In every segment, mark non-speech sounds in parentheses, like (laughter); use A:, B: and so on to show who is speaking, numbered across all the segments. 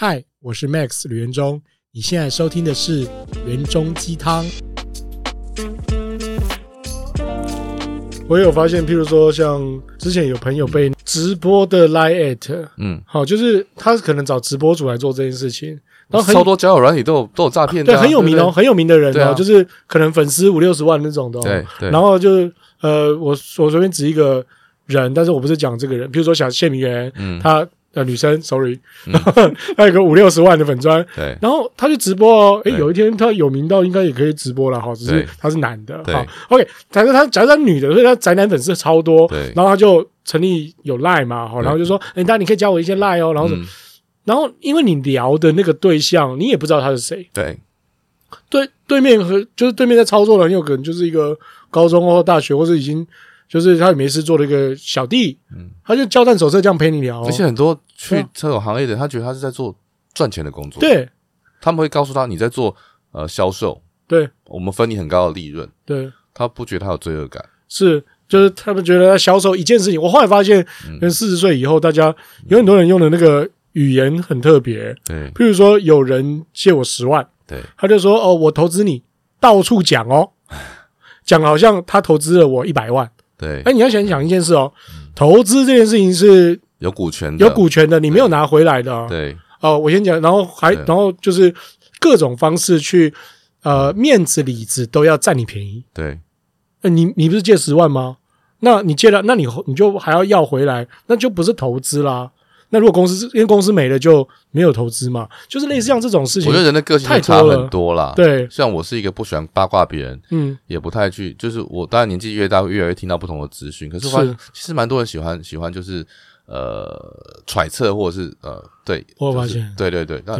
A: 嗨，我是 Max 李元忠。你現在收聽的是《元鐘雞湯》。我有發現，譬如說像，像之前有朋友被直播的 lie at，嗯，好、哦，就是他可能找直播主來做這件事情，嗯、然後很超多交友軟體都有都有詐騙，對，很有名哦對對，很有名的人哦、啊，就是可能粉絲五六十萬那種的、哦對，對，然後就是呃，我我隨便指一個人，但是我不是講這個人，譬如說像謝明媛，嗯，他。女生，sorry，、嗯、然後他有個五六十萬的粉專，對，然後他就直播哦。誒，有一天他有名到應該也可以直播了哈，只是他是男的，哈。OK 假如他，假如他女的，所以他宅男粉絲超多，對。然後他就成立有賴嘛，哈，然後就說，誒，那你可以教我一些賴哦，然後、嗯，然後因為你聊的那個對象，你也不知道他是誰，對，對，對面和就是對面在操作的，很有可能就是一個高中或大學，或者已經就是他也沒事做的一個小弟，嗯，他就教戰手冊這樣陪你聊、哦，而且很多。去
B: 這種行業的人，他覺得他是在做賺錢的工作。對，他們會告訴他，你在做呃銷售，對我們分你很高的利潤。對他不覺得他有罪惡感，
A: 是就是他們覺得他銷售一件事情。我後來發現，人四十歲以後，大家有很多人用的那個語言很特別。對，譬如說有人借我十萬，對他就說哦，我投資你，到處講哦，講好像他投資了我一百萬。對，哎、欸，你要想想一件事哦，投資這件事情是。
B: 有股權的，有股
A: 權的，你沒有拿回來的、啊。對，哦、呃，我先講，然後還，然後就是各種方式去，呃，面子、裡子都要佔你便宜。對，呃、你你不是借十萬嗎？那你借了，那你你就還要要回來，那就不是投資啦。那如果公司因為公司沒了，就沒有投資嘛？就是類似像這種事情，我覺得人的個性太差很多啦，太多了。對，
B: 像我是一個不喜歡八卦別人，嗯，也不太去，就是我當然年紀越大，越來越聽到不同的資訊。可是、是，其實蠻多人喜歡喜歡就是。呃，揣測或者是呃，對，我發現、就是，對對對，那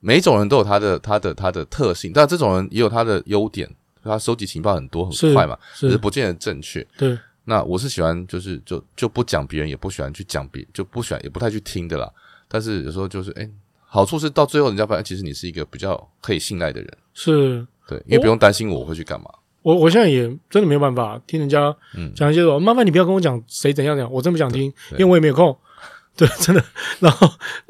B: 每一種人都有他的他的他的特性，但這種人也有他的優點，他收集情報很多很快嘛，只是，是不見得正確。對，那我是喜歡就是就就不講別人，也不喜歡去講別人，就不喜歡也不太去聽的啦。但是有時候就是，哎，好處是到最後人家發現，其實你是一個比較可以信賴的人，
A: 是，嗯、對，因為不用
B: 擔心我會去幹嘛。
A: 我我現在也真的沒有辦法聽人家講一些什麼、嗯，麻煩你不要跟我講誰怎樣怎樣，我真不想聽，因為我也沒有空。對，真的。然後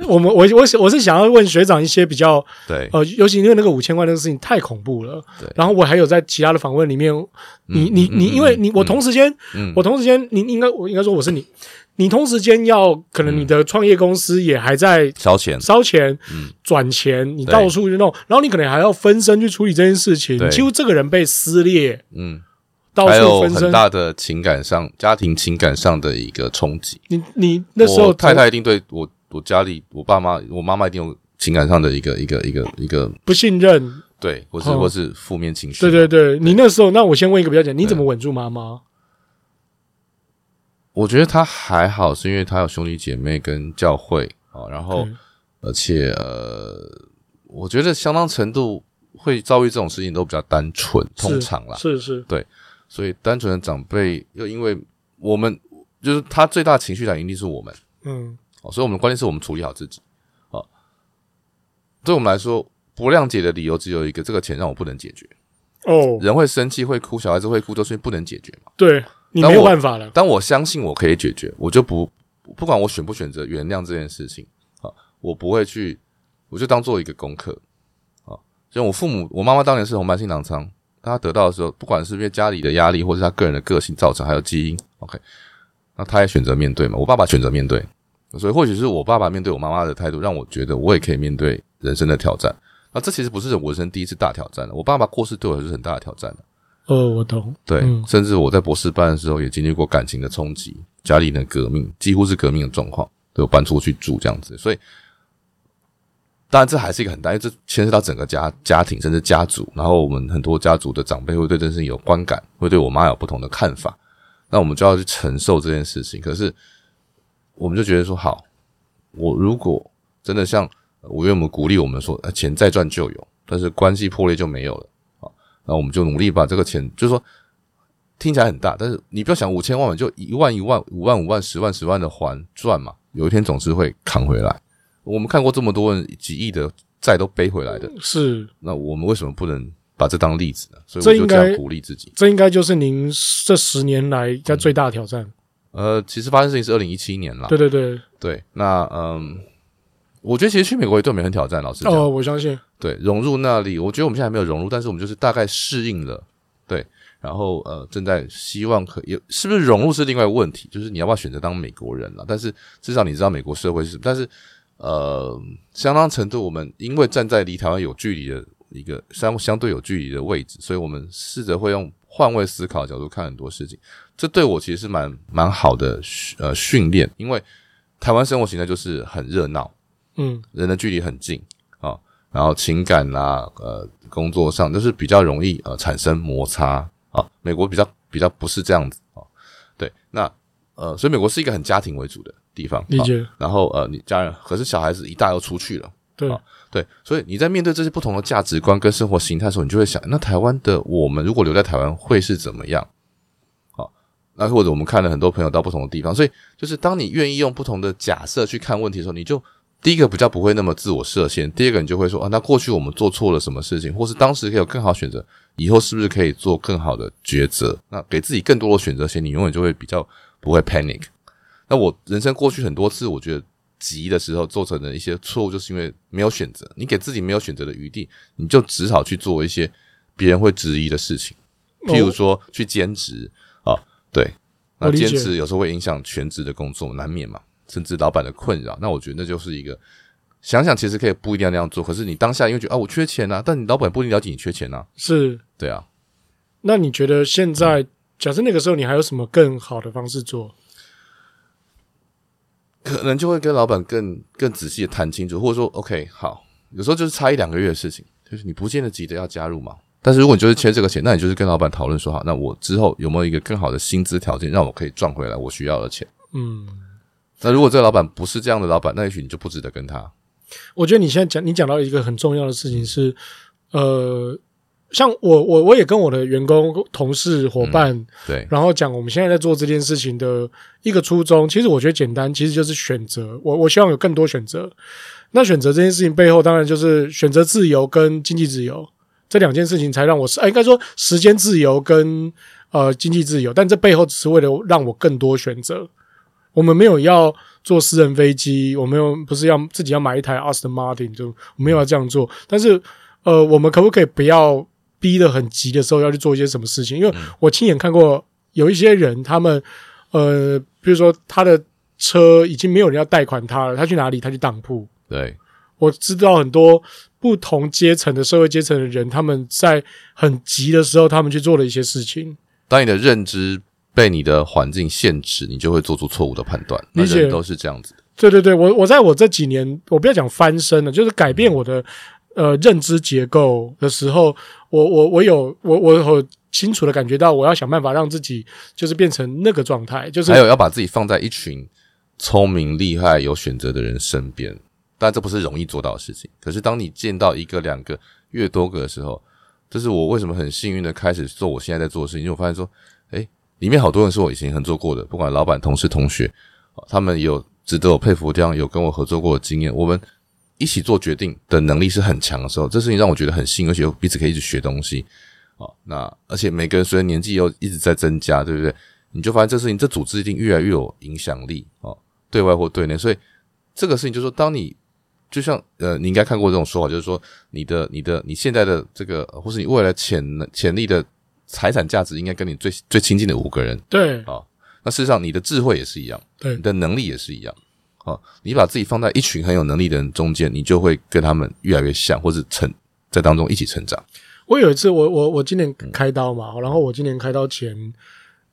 A: 我們我我我是想要問學長一些比較對，呃，尤其因為那個五千萬那個事情太恐怖了。對，然後我還有在其他的訪問裡面，你你你，你，因為你我同時間，我同時間、嗯嗯，你應該我應該說我是你。你同時間要可能你的創業公司也還在燒錢燒錢，嗯，轉錢,、嗯、錢，你到處去弄，然後你可能還要分身去處理這件事情，幾乎這個人被撕裂，嗯，
B: 到處分身還有很大的情感上、家庭情感上的一個衝擊。你你那時候太太一定對我我家裡我爸媽我媽媽一定有情感上的一個一個一個一個不信任，對，或是、嗯、或是負面情緒，
A: 對,對對對。你那時候，那我先問一個比較簡單，你怎麼穩住媽媽？
B: 我覺得他還好，是因為他有兄弟姐妹跟教會、哦、然後、嗯、而且呃，我覺得相當程度會遭遇這種事情都比較單純，通常啦，是是，是，對，所以單純的長輩又因為我們就是他最大的情緒感，一定是我們，嗯、哦，所以我們關鍵是我們處理好自己啊、哦。對我們來說，不諒解的理由只有一個，這個錢讓我不能解決哦。人會生氣會哭，小孩子會哭，都是因為不能解決
A: 嘛，對。我你沒有辦法了，
B: 但我，我相信我可以解決，我就不不管我選不選擇原諒這件事情啊，我不會去，我就當做一個功課啊。像我父母，我媽媽當年是紅斑性狼瘡，她得到的時候，不管是因為家裡的壓力，或是她個人的個性造成，還有基因，OK，那她也選擇面對嘛。我爸爸選擇面對，所以或許是我爸爸面對我媽媽的態度，讓我覺得我也可以面對人生的挑戰。那這其實不是我人生第一次大挑戰了，我爸爸過世對我也是很大的挑戰的。
A: 哦，我懂。對，
B: 甚至我在博士班的時候也經歷過感情的衝擊，家裡的革命幾乎是革命的狀況，都有搬出去住這樣子。所以，當然這還是一個很大，因為這牽涉到整個家家庭，甚至家族。然後我們很多家族的長輩會對這件事情有觀感，會對我媽有不同的看法。那我們就要去承受這件事情。可是，我們就覺得說，好，我如果真的像我岳母鼓勵我們說，錢再賺就有，但是關係破裂就沒有了。那我們就努力把這個錢，就是說聽起來很大，但是你不要想五千萬嘛，就一萬一萬、五萬五萬、十萬十萬的還賺嘛，有一天總是會扛回來。我們看過這麼多人幾億的債都背回來的，是。那我們為什麼不能把這當例子呢？所以我就這樣鼓勵自己，這應
A: 該,這應該就是您這十年來在最大的挑戰。嗯，
B: 呃，其實發生事情是二零一七年啦，對對對對。那嗯，我覺得其實去美國也對我們很挑戰，老師哦，我相信。對，融入那裡，我覺得我們現在還沒有融入，但是我們就是大概適應了，對，然後呃，正在希望可也是不是融入是另外一個問題，就是你要不要選擇當美國人了？但是至少你知道美國社會是什麼。但是呃，相當程度我們因為站在離台灣有距離的一個相相對有距離的位置，所以我們試着會用換位思考的角度看很多事情，這對我其實是蠻蠻好的訓呃訓練，因為台灣生活形態就是很熱鬧，嗯，人的距離很近啊。哦然後情感啊，呃，工作上就是比較容易，呃，產生摩擦啊。美國比較比較不是這樣子啊。對，那呃，所以美國是一個很家庭為主的地方。理解、啊。然後呃，你家人可是小孩子一大要出去了。對、啊、對，所以你在面對這些不同的價值觀跟生活形態的時候，你就會想，那台灣的我們如果留在台灣會是怎麼樣？好、啊，那或者我們看了很多朋友到不同的地方，所以就是當你願意用不同的假設去看問題的時候，你就。第一個比較不會那麼自我設限，第二個你就會說啊，那過去我們做錯了什麼事情，或是當時可以有更好選擇，以後是不是可以做更好的抉擇？那給自己更多的選擇權，你永遠就會比較不會 panic。那我人生過去很多次，我覺得急的時候做成的一些錯誤，就是因為沒有選擇。你給自己沒有選擇的餘地，你就只好去做一些別人會質疑的事情，譬如說去兼職啊，哦，哦，對，那兼職有時候會影響全職的工作，難免嘛。甚至老板的困擾，那我覺得那就是一個想想，其實可以不一定要那樣做。可是你當下因為覺得啊，我缺錢啊，但你老板不一定了解你缺錢啊，是，對啊。
A: 那你覺得現在，嗯，假設那個時候你還有什麼更好的方式做？
B: 可能就會跟老板更更仔細的談清楚，或者說 OK 好，有時候就是差一兩個月的事情，就是你不見得急着要加入嘛。但是如果你就是缺這個錢，嗯，那你就是跟老板討論說好，那我之後有沒有一個更好的薪資條件，讓我可以賺回來我需要的錢？嗯。那如果這個老闆不是這樣的老闆，那也許你就不值得跟他。
A: 我覺得你現在講，你講到一個很重要的事情是，嗯、呃，像我我我也跟我的員工、同事、夥伴、嗯、對，然後講我們現在在做這件事情的一個初衷，其實我覺得簡單，其實就是選擇。我我希望有更多選擇。那選擇這件事情背後，當然就是選擇自由跟經濟自由這兩件事情，才讓我是、呃，應該說時間自由跟呃經濟自由，但這背後只是為了讓我更多選擇。我們沒有要坐私人飛機，我們又不是要自己要買一台 Aston Martin，就沒有要這樣做。但是，呃，我們可不可以不要逼得很急的時候要去做一些什麼事情？因為我親眼看過有一些人，他們，呃，比如說他的車已經沒有人要貸款他了，他去哪裡？他去當鋪。對，我知道很多不同階層的社會階層的人，他們在很急的時候，他們去做的一些事情。
B: 當你的認知。被你的環境限制，你就會做出錯誤的判斷。每個人都是這樣子。
A: 對對對，我我在我這幾年，我不要講翻身了，就是改變我的、嗯、呃認知結構的時候，我我我有我我很清楚的感覺到，我要想辦法讓自己就是變成那個狀態。就是還有要把
B: 自己放在一群聰明厲害有選擇的人身邊，但這不是容易做到的事情。可是當你見到一個兩個越多個的時候，這、就是我為什麼很幸運的開始做我現在在做的事情，因為我發現說，誒。裡面好多人是我以前合作過的，不管老闆、同事、同學，他們有值得我佩服這樣，有跟我合作過的經驗，我們一起做決定的能力是很強的時候，這事情讓我覺得很幸運，而且彼此可以一直學東西。那而且每個人隨着年紀又一直在增加，對不對？你就發現這事情，這組織一定越來越有影響力啊，對外或對內。所以這個事情就是說，當你就像呃，你應該看過這種說法，就是說你的、你的、你現在的這個，或是你未來潛能潛力的財產價值應該跟你最最親近的五個人對啊，哦，那事實上你的智慧也是一樣，對，你的能力也是一樣、哦，你把自己放在一群很有能力的人中間，你就會跟他們越來越像，或是成在當中一起成長。
A: 我有一次，我我我今年開刀嘛，嗯，然後我今年開刀前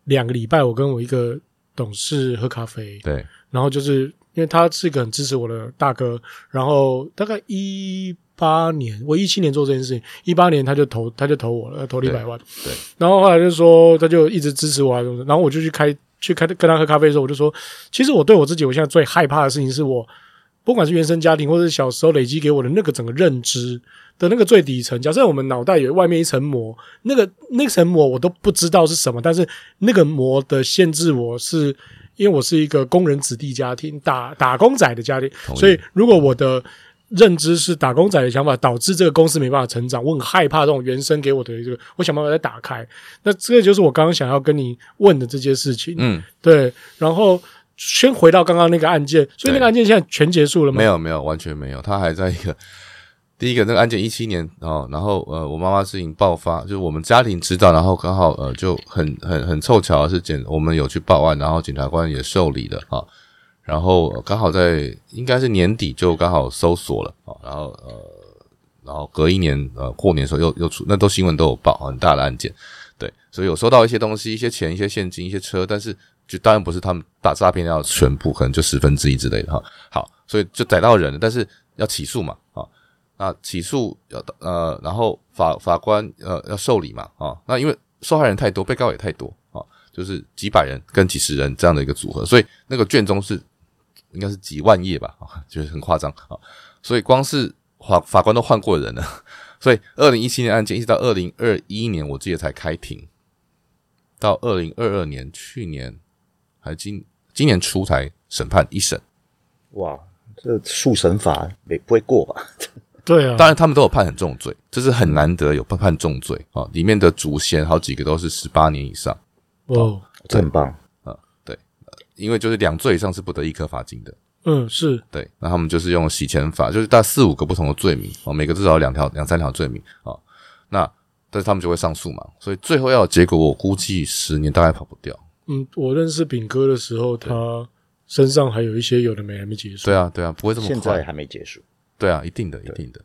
A: 兩個禮拜，我跟我一個董事喝咖啡，對，然後就是因為他是一個很支持我的大哥，然後大概一。八年，我一七年做這件事情，一八年他就投，他就投我了，他投了一百萬，對。對，然後後來就說，他就一直支持我。然後我就去開去開跟他喝咖啡的時候，我就說，其實我對我自己，我現在最害怕的事情是我，我不管是原生家庭，或者是小時候累積給我的那個整個認知的那個最底層，假設我們腦袋有外面一層膜，那個那層膜我都不知道是什麼，但是那個膜的限制我是因為我是一個工人子弟家庭，打打工仔的家庭，所以如果我的。認知是打工仔的想法，導致這個公司沒辦法成長。我很害怕這種原生給我的這個，我想辦法再打開。那這個就是我剛剛想要跟你問的這件事情，嗯，對。然後先回到剛剛那個案件，所以那個案件現在全結束了嗎？沒
B: 有，沒有，完全沒有。他還在一個第一個那個案件一七年哦，然後呃，我媽媽事情爆發，就是我們家庭指導，然後剛好呃就很很很湊巧的是檢，我們有去報案，然後檢察官也受理了啊。哦然後剛好在應該是年底就剛好搜索了啊，然後呃，然後隔一年呃過年的時候又又出那都新聞都有報很大的案件，對，所以有收到一些東西，一些錢，一些現金，一些車，但是就當然不是他們打詐騙要全部，可能就十分之一之類的哈。好，所以就逮到人了，但是要起訴嘛啊、哦，那起訴要呃，然後法法官呃要受理嘛啊、哦，那因為受害人太多，被告也太多啊、哦，就是幾百人跟幾十人這樣的一個組合，所以那個卷宗是。應該是幾萬頁吧，就是很誇張啊。所以光是法法官都換過的人了。所以二零一七年案件一直到二零二一年，我記得才開庭。到二零二二年，去年還今年今年初才審判一審。
C: 哇，這速審法沒不會過吧？對啊，
B: 當然他們都有判很重罪，這，就是很難得有判重罪啊。裡面的主嫌好幾個都是十八年以上。哦、oh.，這很棒。因為就是兩罪以上是不得易科罰金的，
A: 嗯，是
B: 對，那他們就是用洗錢法，就是大概四五個不同的罪名、哦、每個至少兩條、兩三條罪名啊、哦，那但是他們就會上訴嘛，所以最後要有結果，我估計十年大概跑不掉。嗯，我
A: 認識炳哥的時候，他身上還有一些有的沒還沒結束。對啊，對啊，不會這麼快，現在還沒
B: 結束。對啊，一定的，一定的，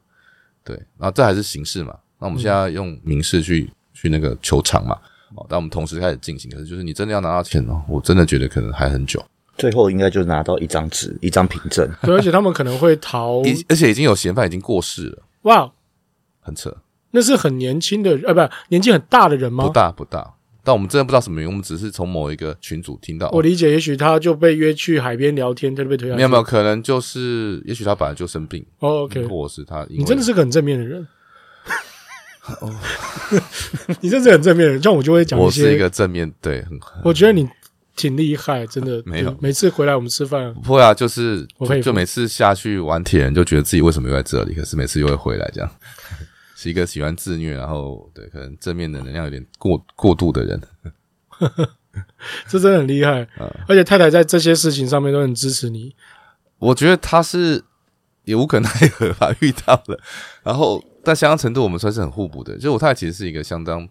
B: 對，然後這還是刑事嘛，那我們現在用民事去、嗯、去，去那個求償嘛。哦，但我們同時開始進行。可是，就是你真的要拿到錢哦、喔，我真的覺得可能還很久。最後應該就拿到一張紙，一張憑證。對，而且他們可能
A: 會逃。
B: 而且已經有嫌犯已經過世了。哇、wow，很扯！
A: 那是很年輕的，呃、啊，不，年紀很大的人嗎？不大，
B: 不大。但我們真的不知道什麼原因，我們只是從某一個群組聽到。我
A: 理解，也許他就被約去海邊聊天，他就被推。你有沒
B: 有可能就是，也許他本來就生病，oh？OK，或是他。你真的是個
A: 很正面的人。哦、oh， (laughs) 你真是很正面，像我就會講一些。我是一個正面對，很我覺得你挺厲害，真的。沒有，每次回來我們吃飯不會啊，就是就，就
B: 每次下去玩鐵人，就覺得自己為什麼又在這裡，可是每次又會回來，這樣 (laughs) 是一個喜歡自虐，然後對可能正面的能量有點過過度的人。 (laughs) (laughs) 這真的很
A: 厲害， (laughs) 而且太太在這些事情上面都很支持你。
B: (laughs) 我覺得他是也無可奈何吧，遇到了，然後。在相當程度，我們算是很互補的，就我太太其實是一個相當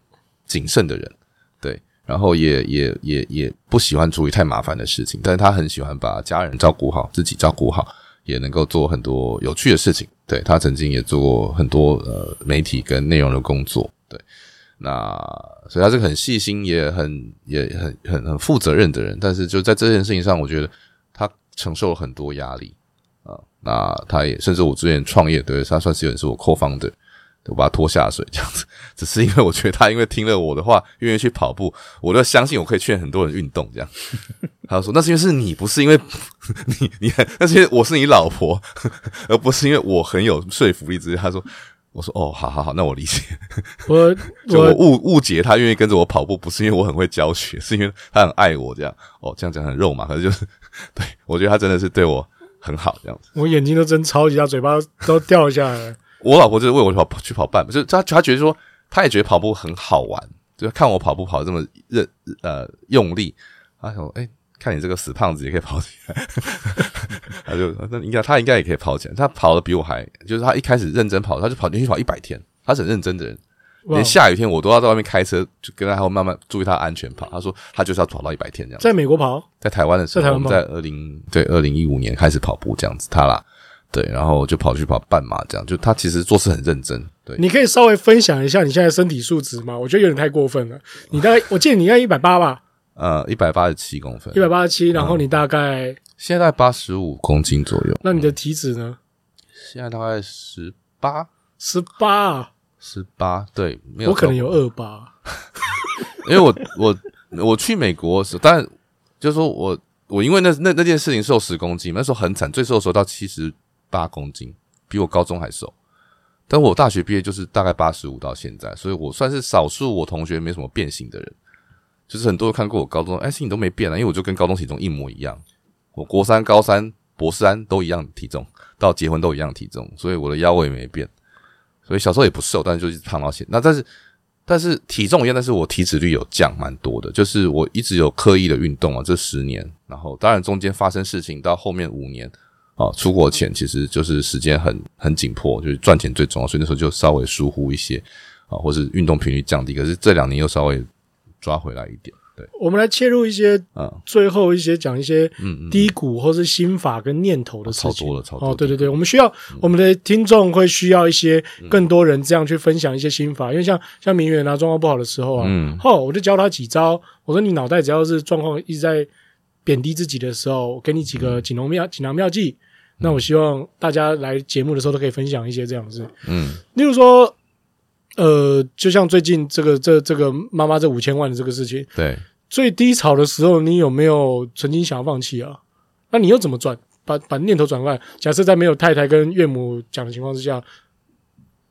B: 謹慎的人，對，然後也也也也不喜歡處理太麻煩的事情，但是他很喜歡把家人照顧好，自己照顧好，也能夠做很多有趣的事情。對，他曾經也做過很多呃媒體跟內容的工作，對。那所以他是很細心，也很也很很很負責任的人。但是就在這件事情上，我覺得他承受了很多壓力啊、呃。那他也甚至我之前創業，對他算是有點是我 co-founder，我把他拖下水這樣子，只是因為我覺得他因為聽了我的話，願意去跑步，我就相信我可以勸很多人運動這樣。他說：“那是因為是你，不是因為你，你那是因為我是你老婆，而不是因為我很有說服力。”之類他說：“我說哦，好好好，那我理解。”
A: 我 (laughs) 就我誤
B: 誤解他願意跟着我跑步，不是因為我很會教學，是因為他很愛我這樣。哦，這樣講很肉麻，可是就是對，我覺得他真的是對我很好這樣
A: 子。我眼睛都睜超級大，嘴巴都掉下來。 (laughs)
B: 我老婆就是為我去跑去跑半馬，就她她覺得說，她也覺得跑步很好玩，就看我跑步跑這麼認呃用力，她說哎，看你這個死胖子也可以跑起來， (laughs) 他就他應該他應該也可以跑起來，他跑的比我還，就是他一開始認真跑，他就跑進去跑一百天，他是很認真的人，連下雨天我都要在外面開車，就跟他會慢慢注意他的安全跑。他說他就是要跑到一百天這樣子，在美國跑，在台灣的時候，我們在二零對二零一五年開始跑步這樣子，他啦。對，然後我就跑去跑半馬，這樣就他其實做事很認真。
A: 對，你可以稍微分享一下你現在身體數值嗎？我覺得有點太過分了。你大概 (laughs) 我記得你應該一百八吧？
B: 呃，一百八十七公分，一百
A: 八十七。然後你大概、
B: 嗯、現在大概八十五公斤左右。
A: 那你的體脂呢？嗯、
B: 現在大概十八，十八，十八。對，沒有。我可能有二八。 (laughs) 因為我我我去美國的時候，但就是說我我因為那那那件事情瘦十公斤，那時候很慘，最瘦的時候到七十。八公斤，比我高中還瘦，但我大學畢業就是大概八十五到現在，所以我算是少數我同學沒什麼變形的人。就是很多人看過我高中，哎，你都沒變啊，因為我就跟高中體重一模一樣。我國三、高三、博三都一樣體重，到結婚都一樣體重，所以我的腰圍也沒變。所以小時候也不瘦，但是就一直胖到現。那但是但是體重一樣，但是我體脂率有降蠻多的，就是我一直有刻意的運動啊，這十年。然後當然中間發生事情，到後面五年。啊，出國前其實就是時間很很緊迫，就是賺錢最重要，所以那時候就稍微疏忽一些啊，或是運動頻率降低。可是這兩年又稍微抓回來一點。
A: 對，我們來切入一些啊，最後一些講一些嗯低谷或是心法跟念頭的操作。了、嗯嗯嗯啊。超多了，超多了。哦，對對對，我們需要、嗯、我們的聽眾會需要一些更多人這樣去分享一些心法，因為像像明遠啊，狀況不好的時候啊，嗯，後、哦、我就教他幾招。我說你腦袋只要是狀況一直在貶低自己的時候，我給你幾個錦囊妙錦囊妙計。嗯、那我希望大家來節目的時候都可以分享一些這樣子，嗯，例如說，呃，就像最近這個這這個媽媽這五千萬的這個事情，對，最低潮的時候，你有沒有曾經想要放棄啊？那你又怎麼轉把把念頭轉換？假設在沒有太太跟岳母講的情況之下，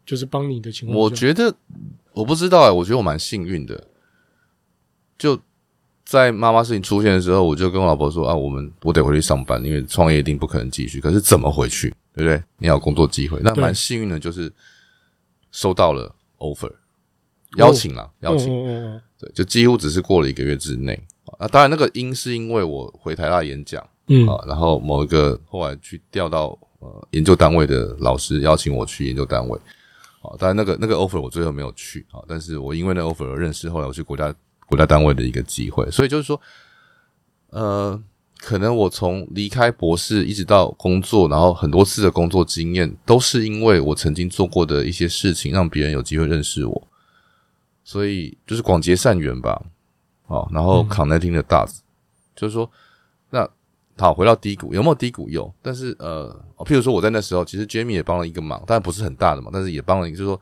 A: 就是幫你的情況、欸，我覺
B: 得我不知道哎，我覺得我蠻幸運的，就。在媽媽事情出現的時候，我就跟我老婆說啊，我們我得回去上班，因為創業一定不可能繼續。可是怎麼回去？對不對？你要有工作機會。那蠻幸運的，就是收到了 offer 邀請了，邀請。對，就幾乎只是過了一個月之內啊。當然，那個因是因為我回台大演講啊，然後某一個後來去調到呃研究單位的老師邀請我去研究單位啊。當然，那個那個 offer 我最後沒有去啊。但是我因為那 offer 而認識，後來我去國家。國家單位的一個機會，所以就是說，呃，可能我從離開博士一直到工作，然後很多次的工作經驗，都是因為我曾經做過的一些事情，讓別人有機會認識我，所以就是廣結善緣吧。好，哦，然後 connecting the dots，嗯，就是說，那好，回到低谷，有沒有低谷？有，但是呃，譬如說我在那時候，其實 Jamie 也幫了一個忙，當然不是很大的忙，但是也幫了一個，就是說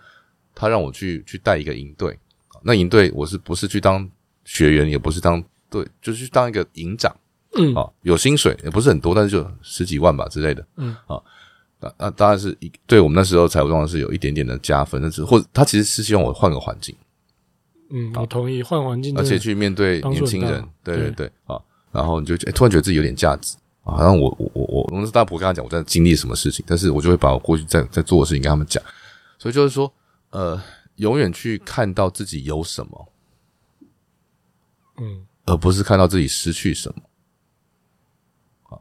B: 他讓我去去帶一個營隊。那營隊，我是不是去當學員，也不是當隊，就是當一個營長，嗯啊、哦，有薪水也不是很多，但是就十幾萬吧之類的，嗯啊、哦，那那當然是對我們那時候財務狀況是有一點點的加分，甚至或者他其實是希望我換個環境，
A: 嗯，我同意換環境的，而且去面對年輕人，對對對
B: 啊、哦，然後你就、欸、突然覺得自己有點價值啊，好像後我我我我，我們大伯跟他講我在經歷什麼事情，但是我就會把我過去在在做的事情跟他們講，所以就是說呃。永遠去看到自己有什麼，嗯，而不是看到自己失去什麼啊。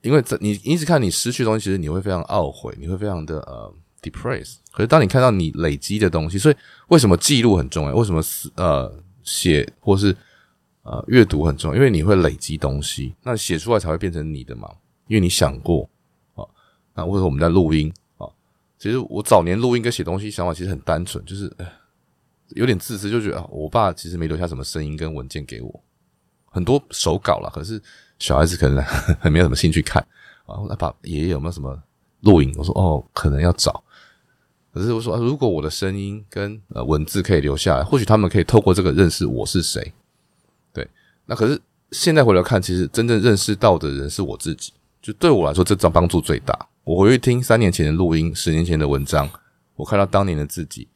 B: 因為這，你一直看你失去的東西，其實你會非常懊悔，你會非常的呃、uh, depressed。可是當你看到你累積的東西，所以為什麼記錄很重要？為什麼呃寫、uh, 或是呃、uh, 閱讀很重要？因為你會累積東西，那寫出來才會變成你的嘛。因為你想過啊，uh, 那為什麼我們在錄音？其實我早年錄音跟寫東西想法其實很單純，就是有點自私，就覺得啊，我爸其實沒留下什麼聲音跟文件給我，很多手稿啦。可是小孩子可能很沒有什麼興趣看。然後他把爺爺有沒有什麼錄音？我說哦，可能要找。可是我說，如果我的聲音跟呃文字可以留下來，或許他們可以透過這個認識我是誰。對，那可是現在回來看，其實真正認識到的人是我自己。就對我來說，這張幫助最大。我回去聽三年前的錄音，十年前的文章，我看到當年的自己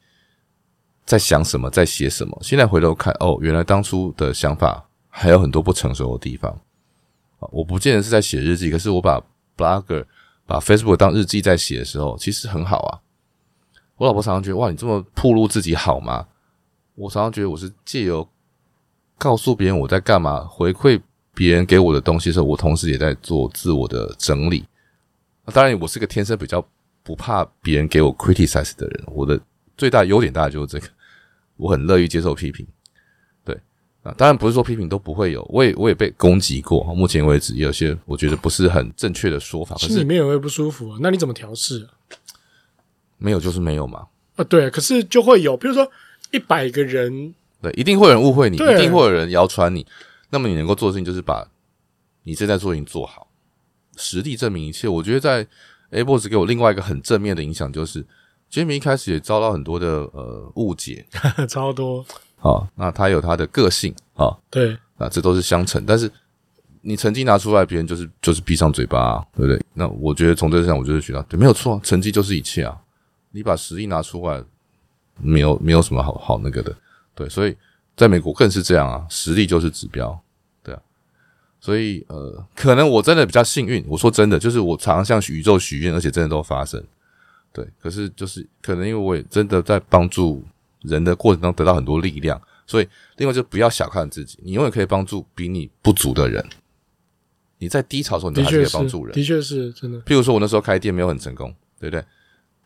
B: 在想什麼，在寫什麼。現在回頭看，哦，原來當初的想法還有很多不成熟的地方。我不見得是在寫日記，可是我把 blogger、把 Facebook 當日記在寫的時候，其實很好啊。我老婆常常覺得，哇，你這麼暴露自己好嗎？我常常覺得，我是借由告訴別人我在幹嘛，回饋別人給我的東西的時候，我同時也在做自我的整理。啊、當然，我是個天生比較不怕別人給我 criticize 的人。我的最大的優點大概就是這個，我很樂意接受批評。對啊，當然不是說批評都不會有，我也我也被攻擊過。目前為止，有些我覺得不是很正確的說法，可是心
A: 裡面也會不舒服、啊。那你怎麼調試、啊？
B: 沒有就是沒有嘛。
A: 啊，對，可是就會有，比如說一百個人，
B: 對，一定會有人誤會你，一定會有人謠傳你。那麼你能夠做的事情，就是把你正在做的事情做好。實力證明一切，我覺得在 AppWorks 給我另外一個很正面的影響，就是 Jamie 一開始也遭到很多的呃誤解，
A: (laughs) 超多
B: 好、哦，那他有他的個性好、哦，對啊，這都是相成。但是你成績拿出來，別人就是就是閉上嘴巴、啊，對不對？那我覺得從這上，我就是學到，對，沒有錯，成績就是一切啊。你把實力拿出來，沒有沒有什麼好好那個的，對。所以在美國更是這樣啊，實力就是指標。所以呃，可能我真的比較幸運。我說真的，就是我常常向宇宙許願，而且真的都發生。對，可是就是可能因為我也真的在幫助人的過程中得到很多力量，所以另外就不要小看自己，你永遠可以幫助比你不足的人。你在低潮的時候，你還是可以幫助人，的確是,的確是真的。譬如說，我那時候開店沒有很成功，對不對？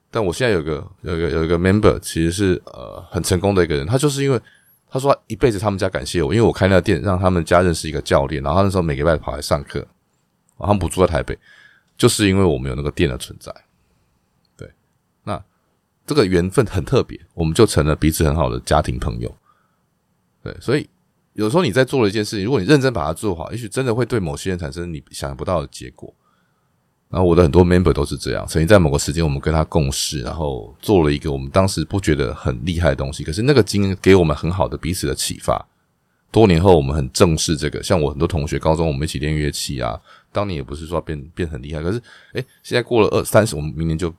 B: 但我現在有一個、有一個、有一個 member，其實是呃很成功的一個人，他就是因為。他說：“一輩子他們家感謝我，因為我開那個店，讓他們家認識一個教練。然後他那時候每個禮拜跑來上課，然後他們不住在台北，就是因為我們有那個店的存在。對，那這個緣分很特別，我們就成了彼此很好的家庭朋友。對，所以有時候你在做了一件事情，如果你認真把它做好，也許真的會對某些人產生你想不到的結果。”然後我的很多 member 都是這樣，曾經在某個時間，我們跟他共事，然後做了一個我們當時不覺得很厲害的東西，可是那個經給我們很好的彼此的啟發。多年後，我們很正視這個。像我很多同學，高中我們一起練樂器啊，當年也不是說變變很厲害，可是哎，現在過了二三十，我們明年就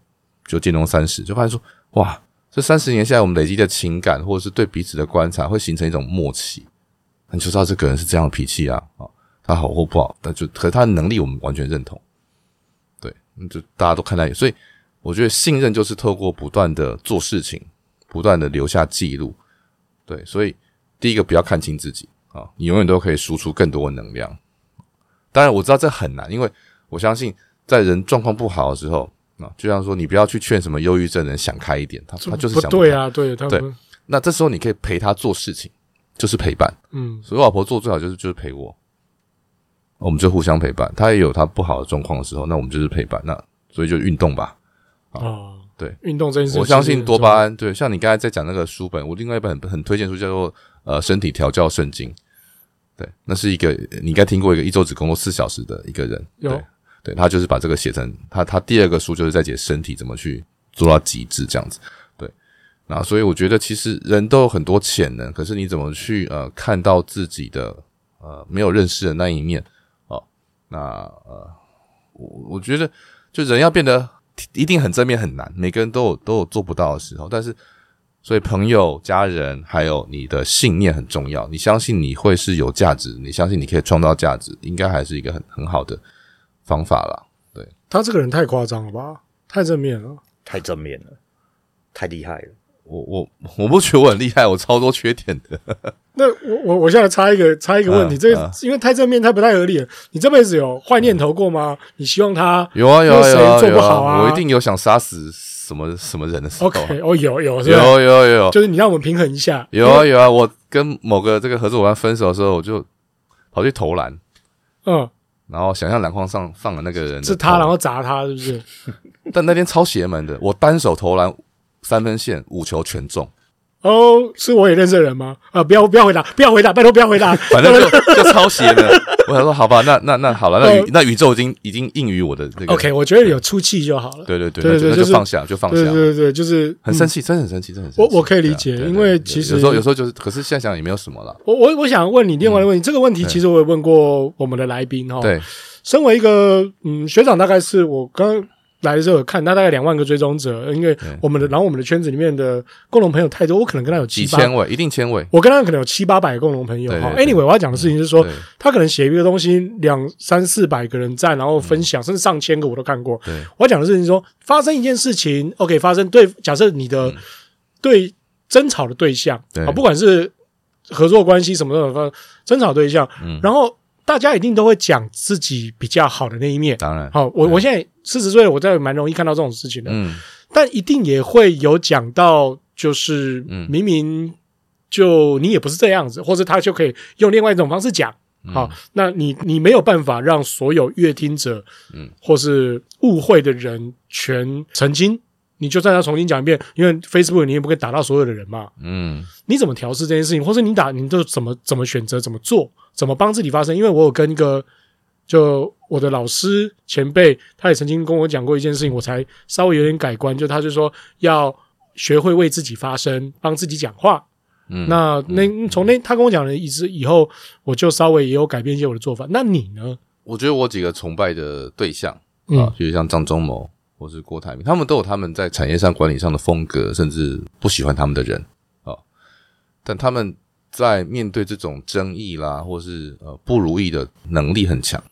B: 就建中三十，就發現說哇，這三十年現在我們累積的情感或者是對彼此的觀察，會形成一種默契。你就知道這個人是這樣的脾氣啊，啊、哦，他好或不好，那就可是他的能力，我們完全認同。就大家都看到，所以我覺得信任就是透過不斷的做事情，不斷的留下記錄，對。所以第一個不要看輕自己啊，你永遠都可以輸出更多的能量。當然我知道這很難，因為我相信在人狀況不好的時候啊，就像說你不要去勸什麼憂鬱症人想開一點，他他就是想開。對啊，對對他。那這時候你可以陪他做事情，就是陪伴。嗯，所以我老婆做最好就是就是陪我。我們就互相陪伴，他也有他不好的狀況的時候，那我們就是陪伴。那所以就運動吧，啊、哦，對，運動真是我相信多巴胺。對，像你剛才在講那個書本，我另外一本很，很推薦書叫做《呃身體調教聖經》，對，那是一個你應該聽過一個一周只工作四小時的一個人，對，對他就是把這個寫成他他第二個書就是在寫身體怎麼去做到極致這樣子。對，那所以我覺得其實人都有很多潛能，可是你怎麼去呃看到自己的呃沒有認識的那一面？那呃，我我覺得，就人要變得一定很正面很難，每個人都有都有做不到的時候。但是，所以朋友、家人還有你的信念很重要。你相信你會是有價值，你相信你可以創造價值，應該還是一個很很好的方法啦。對。
A: 他這個人太誇張了吧？太正面了，
B: 太正面了，太厲害了。我我我不覺得我很厲害，我超多缺點
A: 的。那我我我現在插一個插一個問題，這、嗯、個、嗯、因為太正面太不太合理了。你這輩子有壞念頭過嗎？嗯、你希望他有啊有有、啊、做不好啊,有啊,有啊,有啊？我一定
B: 有想殺死什麼什麼人的時候。OK，我、oh, 有有是是有有、啊、有,、啊有啊，就
A: 是你讓我們平衡一下。有啊
B: 有啊,有啊，我跟某個這個合作夥伴分手的時候，我就跑去投籃。嗯，然後想象籃筐上放了那個人，是他，然後砸他，是不是？ (laughs) 但那天超邪門的，我單手投籃。三分線五球全中。哦，
A: 是我也認識的人嗎？啊，不要不要回答，不要回答，拜托不要回答， (laughs) 反正就
B: 就抄襲了。我想說，好吧，那那那好了，哦、那宇那宇宙已經已經應於我的這個。OK，
A: 我覺得有出氣就好
B: 了。對對對對，對，對那、就是，那就放下就放下。對，對對對，就是很生氣、嗯，真的很生氣，真的很生氣。我我可以理解，啊、對對對因為其實對對對有時候有時候就是，可是現在想想也沒有什麼了。
A: 我我我想問你另外一個問題、嗯，這個問題其實我也問過我們的來賓哈。對、哦，身為一個嗯學長，大概是我剛。剛剛來的時候有看，他大概兩萬個追蹤者，因為我們的，然後我們的圈子裡面的共同朋友太多，我可能跟他有幾千位，
B: 一定千位，
A: 我跟他可能有七八百個共同朋友。對對對啊、anyway，我要講的事情是說，他可能寫一個東西，兩三四百個人贊，然後分享，甚至上千個我都看過。對，我要講的事情是說，發生一件事情，OK，發生對，假設你的對爭吵的對象，啊，不管是合作關係什麼的，爭吵對象，嗯，然後。大家一定都會講自己比較好的那一面，當然好、哦。我、嗯、我現在四十歲，我在蠻容易看到這種事情的。嗯、但一定也會有講到，就是明明就你也不是這樣子，嗯、或者他就可以用另外一種方式講。好、嗯哦，那你你沒有辦法讓所有閱聽者，或是誤會的人全澄清你就算要重新講一遍，因為 Facebook 你也不可以打到所有的人嘛。嗯，你怎麼調試這件事情，或是你打你就怎麼怎麼選擇怎麼做，怎麼幫自己發聲？因為我有跟一個就我的老師前輩，他也曾經跟我講過一件事情，我才稍微有點改觀。就他就說要學會為自己發聲，幫自己講話。嗯，那那、嗯、從那他跟我講了以之以後，我就稍微也有改變一些我的做法。那
B: 你呢？我覺得我幾個崇拜的對象、嗯、啊，比如像張忠謀。或是郭台銘，他們都有他們在產業上、管理上的風格，甚至不喜歡他們的人啊、哦。但他們在面對這種爭議啦，或是呃不如意的能力很強。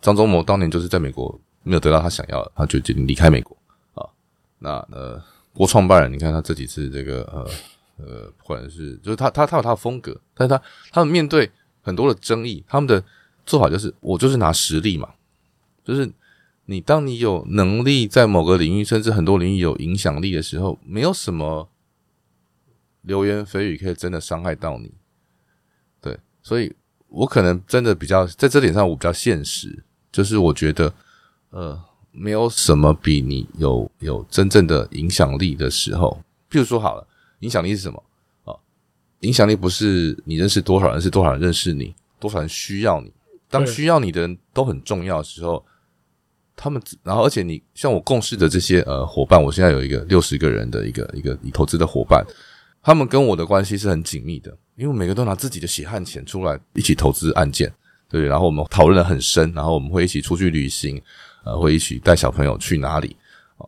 B: 張忠謀當年就是在美國沒有得到他想要的，他就決定離開美國啊、哦。那呃郭創辦人，你看他這幾次這個呃呃，不管是就是他他他有他的風格，但是他他們面對很多的爭議，他們的做法就是我就是拿實力嘛，就是。你當你有能力在某個領域，甚至很多領域有影響力的時候，沒有什麼流言蜚語可以真的傷害到你。對，所以我可能真的比較，在這點上我比較現實，就是我覺得，呃，沒有什麼比你有有真正的影響力的時候。譬如說好了，影響力是什麼？啊，影響力不是你認識多少人，是多少人認識你，多少人需要你。當需要你的人都很重要的時候。他們，然後而且你像我共事的這些呃夥伴，我現在有一個六十個人的一個一個你投資的夥伴，他們跟我的關係是很緊密的，因為每個都拿自己的血汗錢出來一起投資案件，對，然後我們討論得很深，然後我們會一起出去旅行，呃，會一起帶小朋友去哪裡。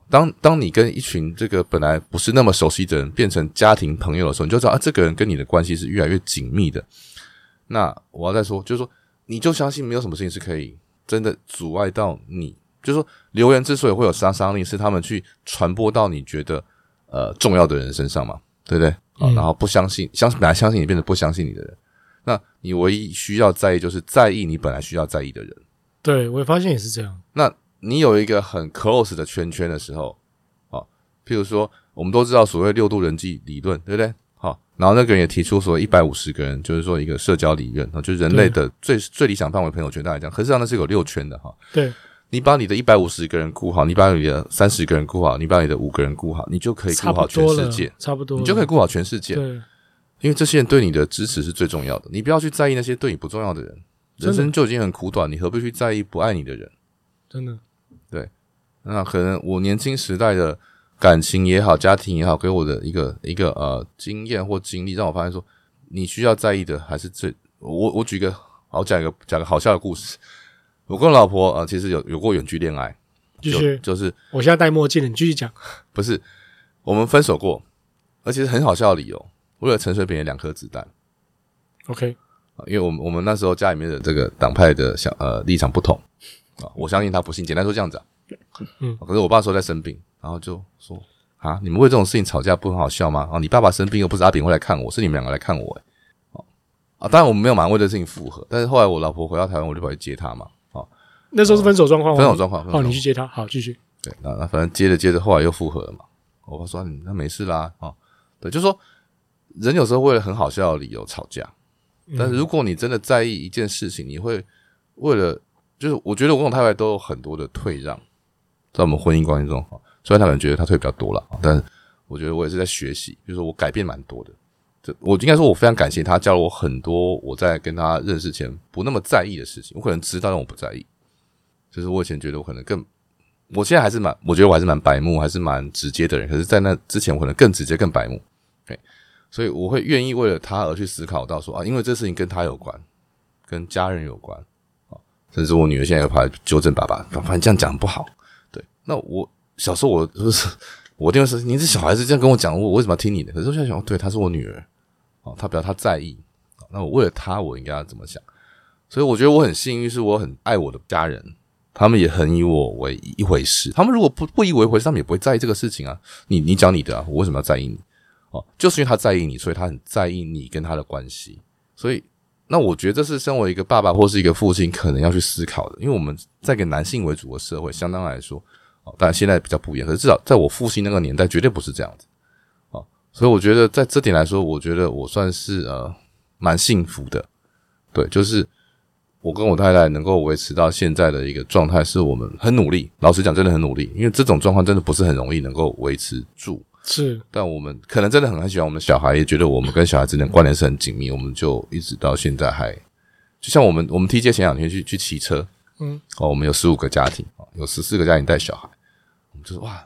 B: 當當你跟一群這個本來不是那麼熟悉的人變成家庭朋友的時候，你就知道啊，這個人跟你的關係是越來越緊密的。那我要再說，就是說，你就相信沒有什麼事情是可以真的阻礙到你。就是說，留言之所以會有殺傷力，是他們去傳播到你覺得呃重要的人身上嘛，對不對？嗯、然後不相信，相信本來相信你，變成不相信你的人，那你唯一需要在意，就是在意你本來需要在意的人。
A: 對，我也發現也是這樣。
B: 那你有一個很 close 的圈圈的時候，啊，譬如說，我們都知道所謂六度人際理論，對不對？好，然後那個人也提出所謂一百五十個人，就是說一個社交理論，那就是、人類的最最理想範圍朋友圈大家來講，實際上那是有六圈的哈。對。你把你的一百五十個人顧好，你把你的三十個人顧好，你把你的五個人顧好，你就可以顧好全世界，差不多，差不多，你就可以顧好全世界。對，因為這些人對你的支持是最重要的。你不要去在意那些對你不重要的人，人生就已經很苦短，你何必去在意不愛你的人？真的，對。那可能我年輕時代的感情也好，家庭也好，給我的一個一個呃經驗或經歷，讓我發現說，你需要在意的還是最我我舉個，好，講一個講個好笑的故事。我跟我老婆呃，其實有有過遠距戀愛，就是就是，我現在戴墨鏡了，你繼續講。不是，我們分手過，而且是很好笑的理由。為了陳水扁的兩顆子彈，OK，、呃、因為我們我們那時候家裡面的這個黨派的想，呃立場不同啊、呃，我相信他不信。簡單說這樣子啊，呃、可是我爸說在生病，然後就說啊，你們為這種事情吵架不很好笑嗎？啊、呃，你爸爸生病又不是阿扁會來看我，是你們兩個來看我誒啊、呃呃，當然我們沒有蠻為這事情復合，但是後來我老婆回到台灣，我就跑去接她嘛。那時候是分手狀況、哦，分手狀況。哦，你去接他，好，繼續。對，那那反正接着接着，後來又復合了嘛。我爸說那沒事啦，啊、哦，對，就說人有時候為了很好笑的理由吵架，但是如果你真的在意一件事情，你會為了、嗯、就是，我覺得我跟我太太都有很多的退讓，在我們婚姻關係中，雖然他們覺得他退比較多了、哦，但是我覺得我也是在學習，就是我改變蠻多的。這我應該說我非常感謝他，教了我很多我在跟他認識前不那麼在意的事情，我可能知道但我不在意。就是我以前覺得我可能更，我現在還是蠻，我覺得我還是蠻白目，還是蠻直接的人。可是，在那之前，我可能更直接、更白目。對，所以我會願意為了他而去思考到說啊，因為這事情跟他有關，跟家人有關。甚至我女兒現在又跑來糾正爸爸，反正這樣講不好。對，那我小時候我就是，我第二是，你這小孩子這樣跟我講，我我為什麼要聽你的？可是現在想，對，她是我女兒啊，她比較她在意，那我為了她，我應該要怎麼想？所以我覺得我很幸運，是我很愛我的家人。他們也很以我為一回事，他們如果不不以為回事，他們也不會在意這個事情啊你。你你講你的啊，我為什麼要在意你？哦，就是因為他在意你，所以他很在意你跟他的關係。所以，那我覺得這是身為一個爸爸或是一個父親，可能要去思考的。因為我們在給男性為主的社會，相當來說，當、哦、然現在比較普遍，可是至少在我父親那個年代，絕對不是這樣子啊、哦。所以，我覺得在這點來說，我覺得我算是呃蠻幸福的。對，就是。我跟我太太能夠維持到現在的一個狀態，是我們很努力。老實講，真的很努力，因為這種狀況真的不是很容易能夠維持住。是，但我們可能真的很很喜歡我們小孩，也覺得我們跟小孩之間的關聯是很緊密，嗯。我們就一直到現在還，就像我們我們 TJ 前兩天去去騎車，嗯，哦，我們有十五個家庭，有十四個家庭帶小孩，我們就說哇，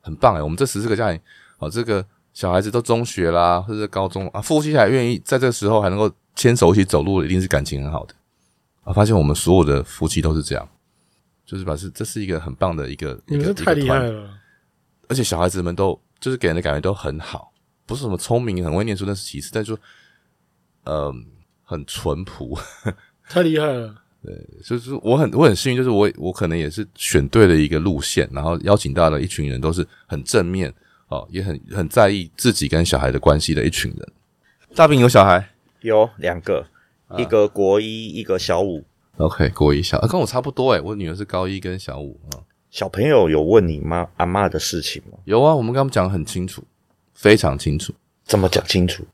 B: 很棒哎！我們這十四個家庭，哦，這個小孩子都中學啦，或者高中啊，夫妻還願意在這個時候還能夠牽手一起走路，一定是感情很好的。我、啊、發現我們所有的夫妻都是這樣，就是吧？是這是一個很棒的一個，你們是太厲害了。而且小孩子們都就是給人的感覺都很好，不是什麼聰明很會念書，那是其次。再說，嗯、呃，很淳樸，
A: 太厲害了。
B: 對，就是我很我很幸運，就是我我可能也是選對了一個路線，然後邀請到了一群人，都是很正面啊、哦，也很很在意自己跟小孩的關係的一群人。大餅有小孩，
C: 有兩個。一個國一，啊、一個小五，OK，國一小、啊，跟我差不多誒、欸、我女兒是高一跟小五啊。小朋友有問你媽阿嬤的事情嗎？有啊，我們跟他們講的很清楚，非常清楚。怎麼講清楚、
B: 啊？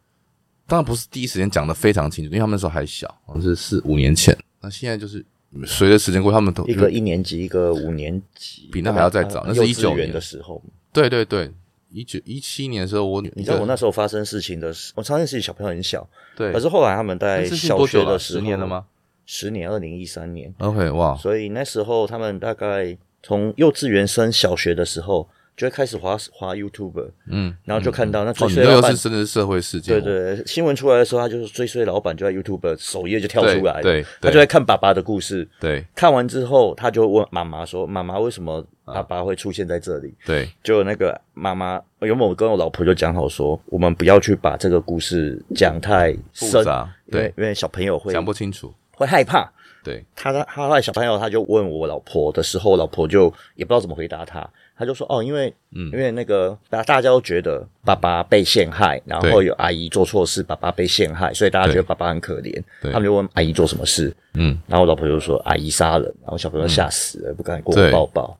B: 當然不是第一時間講的非常清楚，因為他們那時候還小，啊就是四五年前。那、啊、現在就是隨着時間過，他們都一個一
C: 年級，一個五年級，比那還要再早，那是一九年的時候。對對對。一九一七年的時候我，我你你知道我那時候發生事情的時候，我相信自己小朋友很小，對。可是後來他們在小學的時候，十年了嗎？十年，二零一三年。OK，哇、wow！所以那時候他們大概從幼稚園升小學的時候。就開始滑滑 YouTube，嗯，然後就看到那追衰老闆真的社會事件，對對、對，新聞出來的時候，他就是追隨老闆就在 YouTube 首頁就跳出來。對對，對，他就在看爸爸的故事，對，看完之後他就問媽媽說：“媽媽，為什麼爸爸、啊、會出現在這裡？”對，就那個媽媽，原本我跟我老婆就講好說，我們不要去把這個故事講太深、嗯，複雜，對，因為小朋友會講不清楚，會害怕。對，他他他小朋友他就問我老婆的時候，老婆就也不知道怎麼回答他。他就說：“哦，因為，因為那個大大家都覺得爸爸被陷害，然後有阿姨做錯事，爸爸被陷害，所以大家覺得爸爸很可憐。他們就問阿姨做什麼事，嗯，然後我老婆就說阿姨殺人，然後小朋友嚇死了、嗯，不敢跟我抱抱。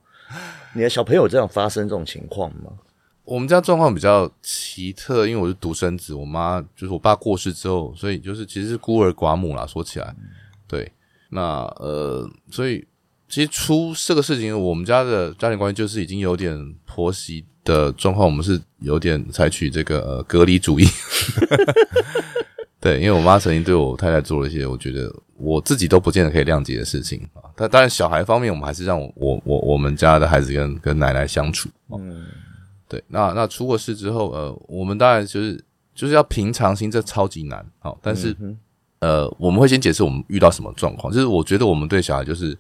C: 你的小朋友這樣發生這種情況嗎？我們家狀況比較奇特，因為我是獨生子，我媽就
B: 是我爸過世之後，所以就是其實是孤兒寡母啦。說起來，對，那呃，所以。”其實出這個事情，我們家的家庭關係就是已經有點婆媳的狀況。我們是有點採取這個、呃、隔離主義， (laughs) 對，因為我媽曾經對我太太做了一些我覺得我自己都不見得可以諒解的事情啊。但當然，小孩方面我們還是讓我我我我們家的孩子跟跟奶奶相處。哦、嗯，對，那那出過事之後，呃，我們當然就是就是要平常心，這超級難、哦、但是、嗯、呃，我們會先解釋我們遇到什麼狀況。就是我覺得我們對小孩就是。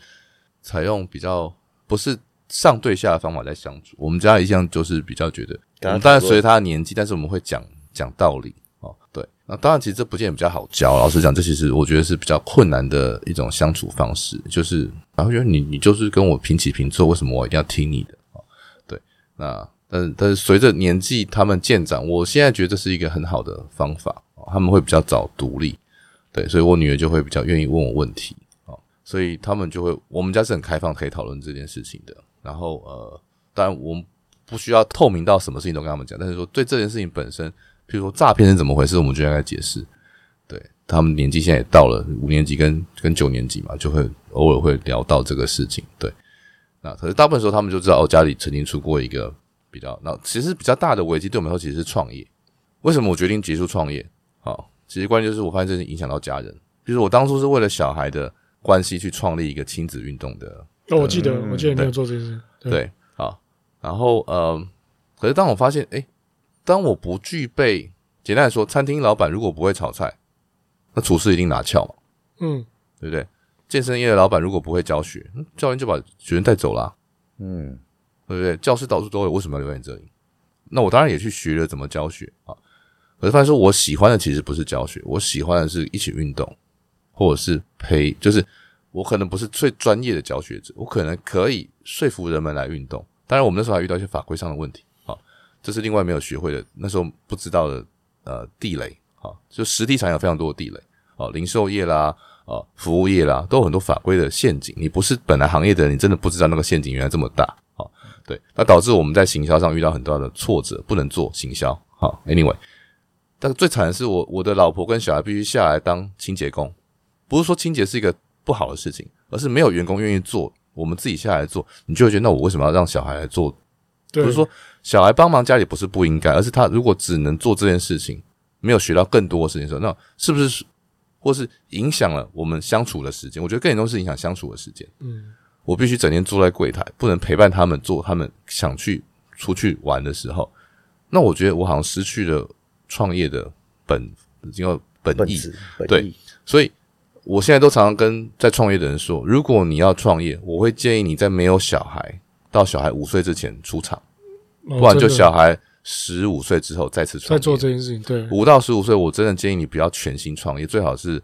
B: 採用比較不是上對下的方法來相處。我們家一向就是比較覺得，當然隨他的年紀，但是我們會講講道理啊。對，那當然其實這不見得比較好教。老實講，這其實我覺得是比較困難的一種相處方式，就是然後覺得你你就是跟我平起平坐，為什麼我一定要聽你的？對，那但是但是隨着年紀他們漸長，我現在覺得這是一個很好的方法。他們會比較早獨立，對，所以我女兒就會比較願意問我問題。所以他們就會，我們家是很開放，可以討論這件事情的。然後呃，當然我們不需要透明到什麼事情都跟他們講，但是說對這件事情本身，譬如說詐騙是怎麼回事，我們就應該解釋。對，他們年紀現在也到了五年級跟跟九年級嘛，就會偶爾會聊到這個事情。對，那可是大部分時候他們就知道哦，家裡曾經出過一個比較，那其實比較大的危機對我們來說其實是創業。為什麼我決定結束創業？啊，其實關鍵就是我發現這是影響到家人。比如說我當初是為了小孩的。關係去創立一個親子運動的
A: 哦，我、嗯、記得我記得你有做這件事，對，
B: 好，然後呃、嗯，可是當我發現，誒、欸，當我不具備，簡單來說，餐廳老板如果不會炒菜，那廚師一定拿翹嘛，嗯，對不對？健身業的老板如果不會教學，教員就把學員帶走啦、啊。嗯，對不對？教師到處都有，為什麼要留在這裡？那我當然也去學了怎麼教學啊，可是發現說我喜歡的其實不是教學，我喜歡的是一起運動。或者是陪，就是我可能不是最專業的教學者，我可能可以說服人們來運動。當然，我們那時候還遇到一些法規上的問題好，這是另外沒有學會的。那時候不知道的呃地雷啊，就實體產業非常多的地雷啊，零售業啦啊，服務業啦，都有很多法規的陷阱。你不是本來行業的人，你真的不知道那個陷阱原來這麼大好，對，那導致我們在行銷上遇到很多的挫折，不能做行銷。好，Anyway，但最慘的是我我的老婆跟小孩必須下來當清潔工。不是說清潔是一個不好的事情，而是沒有員工願意做，我們自己下來做，你就會覺得那我為什麼要讓小孩來做？對。不是說小孩幫忙家裡不是不應該，而是他如果只能做這件事情，沒有學到更多的事情的時候，那是不是或是影響了我們相處的時間？我覺得更嚴重是影響相處的時間。嗯，我必須整天坐在櫃台，不能陪伴他們做他們想去出去玩的時候，那我覺得我好像失去了創業的本要本，本，本，本意。對，所以。我現在都常常跟在創業的人說，如果你要創業，我會建議你在沒有小孩到小孩五歲之前出場，不然就小孩十五歲之後再次創業。在、哦這個、做這件事情，對，五到十五歲，我真的建議你不要全心創業，最好是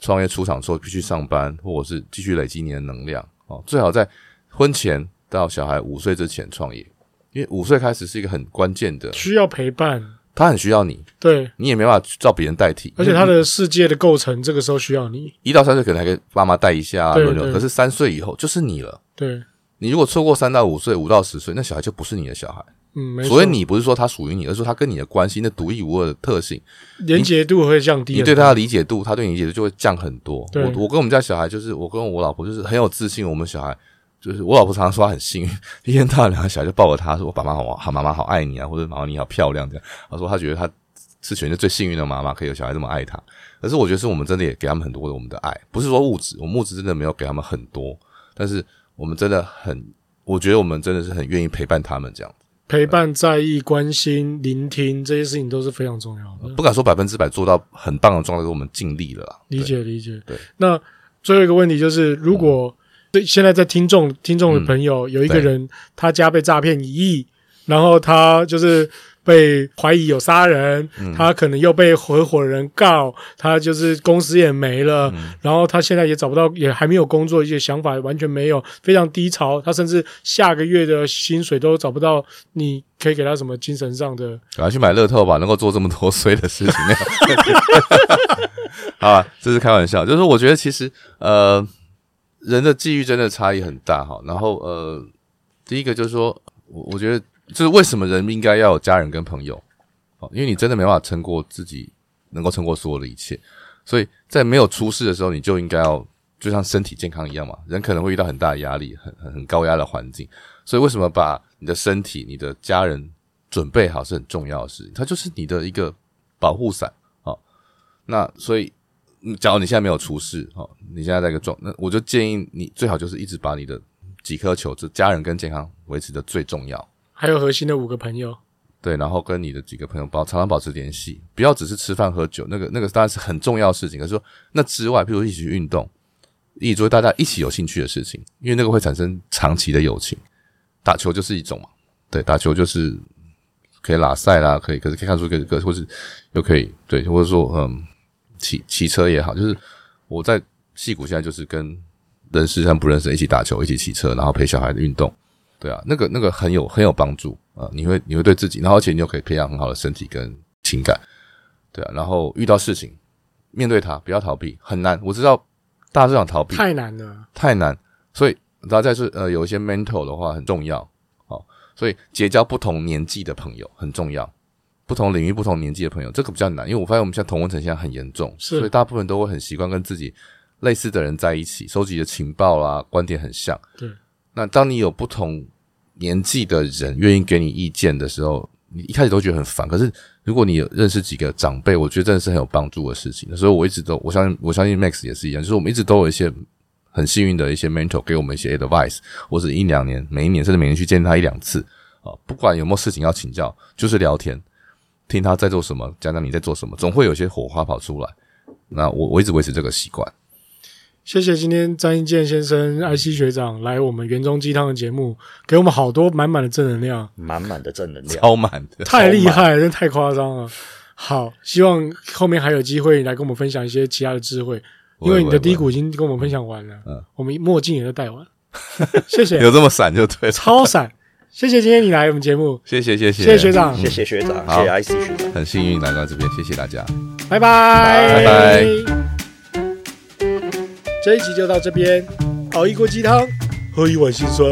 B: 創業出場之後必須上班、嗯，或者是繼續累積你的能量哦。最好在婚前到小孩五歲之前創業，因為五歲開始是一個很關鍵的，需要陪伴。他很需要你，對你也沒辦法照別人代替，而且他的
A: 世界的構成，這個時候需要你。你
B: 一到三歲可能還給爸媽帶一下輪流，啊，可是三歲以後就是你了。對，你如果錯過三到五歲，五到十歲，那小孩就不是你的小孩。嗯，沒錯。所以你不是說他屬於你，而是說他跟你的關係那獨一無二的特性，連接度會降低你。你對他的理解度，他對你理解度就會降很多。對，我我跟我們家小孩就是，我跟我老婆就是很有自信，我們小孩。就是我老婆常常說她很幸運，一天到晚兩個小孩就抱着他說：“我媽媽好，媽媽好愛你啊，或者媽媽你好漂亮。”這樣，她說他覺得他是全世界最幸運的媽媽，可以有小孩這麼愛他。可是我覺得，是我們真的也給他們很多的我們的愛，不是說物質，我們物質真的沒有給他們很多，但是我們真的很，我覺得我們真的是很願意陪伴他們這樣子，
A: 陪伴、在意、關心、聆聽這些事情都是非常重要
B: 的。不敢說百分之百做到很棒的狀態，是我們盡力了。理解理解。對，
A: 那最後一個問題就是，如果、嗯。對，現在在聽眾聽眾的朋友、嗯、有一個人，他家被詐騙一億，然後他就是被懷疑有殺人，嗯、他可能又被合夥人告，他就是公司也沒了、嗯，然後他現在也找不到，也還沒有工作，一些想法完全沒有，非常低潮，他甚至下個月的薪水都找不到。你可以給他什麼精神上的？
B: 趕快去買樂透吧，能夠做這麼多衰的事情。 (laughs) (laughs) (laughs) 好啊，這是開玩笑，就是我覺得其實呃。人的際遇真的差異很大哈，然後呃，第一個就是說，我我覺得就是為什麼人應該要有家人跟朋友，因為你真的沒辦法撐過自己，能夠撐過所有的一切，所以在沒有出事的時候，你就應該要就像身體健康一樣嘛，人可能會遇到很大的壓力，很很高壓的環境，所以為什麼把你的身體、你的家人準備好是很重要的事情，它就是你的一個保護傘啊，那所以。假如你現在沒有出事，哦，你現在在一個狀，那我就建議你最好就是一直把你的幾顆球，這家人跟健康維持的最重要。
A: 還有核心的五個朋友，
B: 對，然後跟你的幾個朋友保常常保持聯繫，不要只是吃飯喝酒，那個那個當然是很重要的事情。可是說那之外，譬如一起去運動，一起做大家一起有興趣的事情，因為那個會產生長期的友情。打球就是一種嘛，對，打球就是可以拉賽啦，可以，可是可以看出可以個或是又可以，對，或者說嗯。騎騎車也好，就是我在矽谷現在就是跟認識跟不認識一起打球，一起騎車，然後陪小孩運動，對啊，那個那個很有很有幫助啊、呃！你會你會對自己，然後而且你又可以培養很好的身體跟情感，對啊。然後遇到事情，面對他，不要逃避，很難。我知道大家都想逃避，太難了，太難。所以，大家在是呃，有一些 mental 的話很重要啊、哦。所以結交不同年紀的朋友很重要。不同領域、不同年紀的朋友，這個比較難，因為我發現我們現在同溫層現在很嚴重是，所以大部分都會很習慣跟自己類似的人在一起，收集的情報啦、啊、觀點很像。對。那當你有不同年紀的人願意給你意見的時候，你一開始都覺得很煩。可是如果你認識幾個長輩，我覺得真的是很有幫助的事情。所以我一直都我相信，我相信 Max 也是一樣，就是我們一直都有一些很幸運的一些 mentor 給我們一些 advice 或者一兩年、每一年甚至每年去見他一兩次啊，不管有沒有事情要請教，就是聊天。聽他在做什麼，講講你在做什麼，總會有些火花跑出來。那我我一直維持這個習慣。
A: 謝謝今天張一健先生、IC 學長來我們《元鐘雞湯》的節目，給我們好多滿滿的正能量，
C: 嗯、滿滿的正能量，超滿的，太厲害，
A: 真太誇張了。好，希望後面還有機會來跟我們分享一些其他的智慧， (laughs) 因為你的低谷已經跟我們分享完了， (laughs) 嗯、 (laughs) 我們墨鏡也都戴完。 (laughs) (laughs) 謝謝，有這
B: 麼閃就對，超閃。
A: 謝謝今天你來我們節目，謝謝謝謝，謝謝學長，
B: 嗯、謝謝學長，謝謝 IC 學長，很幸運來到這邊，謝謝大家，拜拜拜拜，
A: 這一集就到這邊，熬一鍋雞湯，喝一碗辛酸。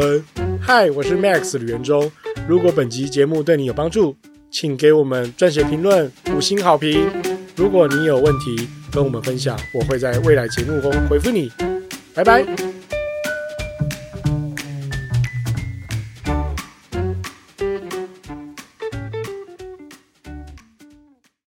A: 嗨，我是 Max 呂元鐘，如果本集節目對你有幫助，請給我們撰寫評論五星好評。如果你有問題跟我們分享，我會在未來節目中回復你，拜拜。